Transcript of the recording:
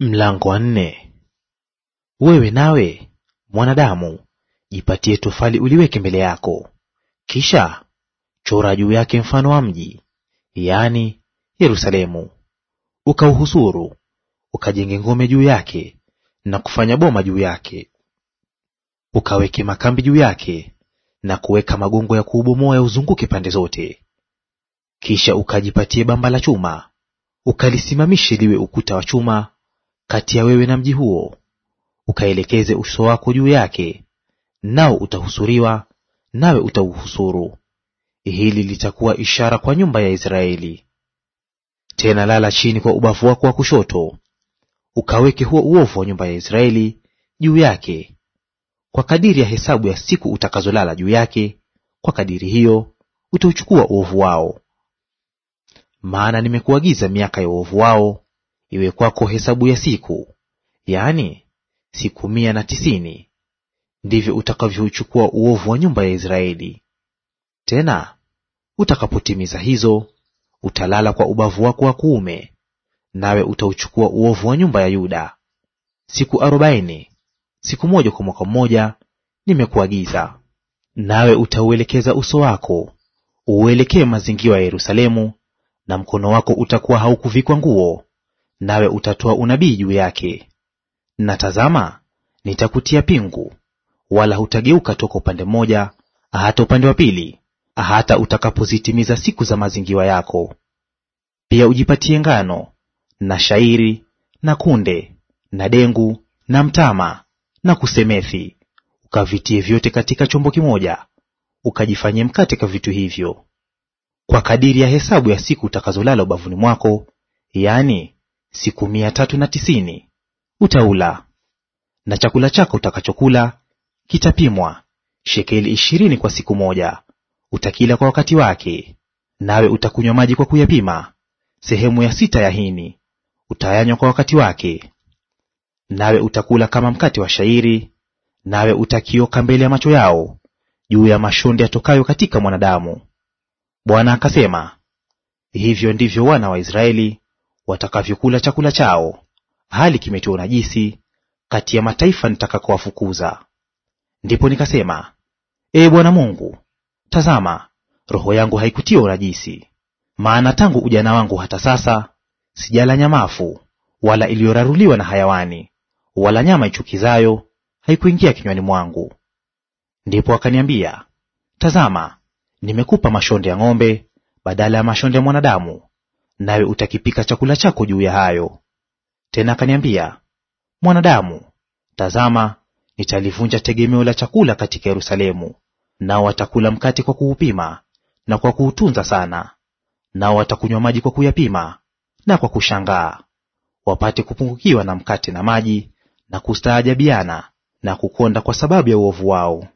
Mlango wa nne. Wewe nawe mwanadamu, jipatie tofali uliweke mbele yako, kisha chora juu yake mfano wa mji, yaani Yerusalemu, ukauhusuru, ukajenge ngome juu yake, na kufanya boma juu yake, ukaweke makambi juu yake, na kuweka magongo ya kuubomoa uzunguke pande zote. Kisha ukajipatie bamba la chuma, ukalisimamishe liwe ukuta wa chuma kati ya wewe na mji huo, ukaelekeze uso wako juu yake, nao utahusuriwa, nawe utauhusuru. Hili litakuwa ishara kwa nyumba ya Israeli. Tena lala chini kwa ubavu wako wa kushoto, ukaweke huo uovu wa nyumba ya Israeli juu yake. Kwa kadiri ya hesabu ya siku utakazolala juu yake, kwa kadiri hiyo utauchukua uovu wao. Maana nimekuagiza miaka ya uovu wao iwe kwako hesabu ya siku, yaani siku mia na tisini; ndivyo utakavyouchukua uovu wa nyumba ya Israeli. Tena utakapotimiza hizo, utalala kwa ubavu wako wa kuume, nawe utauchukua uovu wa nyumba ya Yuda. Siku arobaini, siku moja kwa mwaka mmoja, nimekuagiza. Nawe utauelekeza uso wako uuelekee mazingira ya Yerusalemu, na mkono wako utakuwa haukuvikwa nguo, nawe utatoa unabii juu yake. Na tazama, nitakutia pingu, wala hutageuka toka upande mmoja hata upande wa pili, hata utakapozitimiza siku za mazingiwa yako. Pia ujipatie ngano na shairi na kunde na dengu na mtama na kusemethi, ukavitie vyote katika chombo kimoja, ukajifanyie mkate kwa vitu hivyo, kwa kadiri ya hesabu ya siku utakazolala ubavuni mwako, yaani siku mia tatu na tisini utaula na chakula chako utakachokula kitapimwa shekeli ishirini kwa siku moja, utakila kwa wakati wake. Nawe utakunywa maji kwa kuyapima, sehemu ya sita ya hini utayanywa kwa wakati wake. Nawe utakula kama mkate wa shairi, nawe utakioka mbele ya macho yao juu ya mashonde yatokayo katika mwanadamu. Bwana akasema, hivyo ndivyo wana wa Israeli watakavyokula chakula chao, hali kimetiwa unajisi kati ya mataifa nitakakowafukuza. Ndipo nikasema, Ee Bwana Mungu, tazama, roho yangu haikutiwa unajisi, maana tangu ujana wangu hata sasa sijala nyamafu wala iliyoraruliwa na hayawani, wala nyama ichukizayo haikuingia kinywani mwangu. Ndipo akaniambia, tazama, nimekupa mashonde ya ng'ombe badala ya mashonde ya mwanadamu, nawe utakipika chakula chako juu ya hayo. Tena akaniambia, mwanadamu, tazama, nitalivunja tegemeo la chakula katika Yerusalemu, nao watakula mkate kwa kuupima na kwa kuutunza sana, nao watakunywa maji kwa kuyapima na kwa kushangaa, wapate kupungukiwa na mkate na maji na kustaajabiana na kukonda kwa sababu ya uovu wao.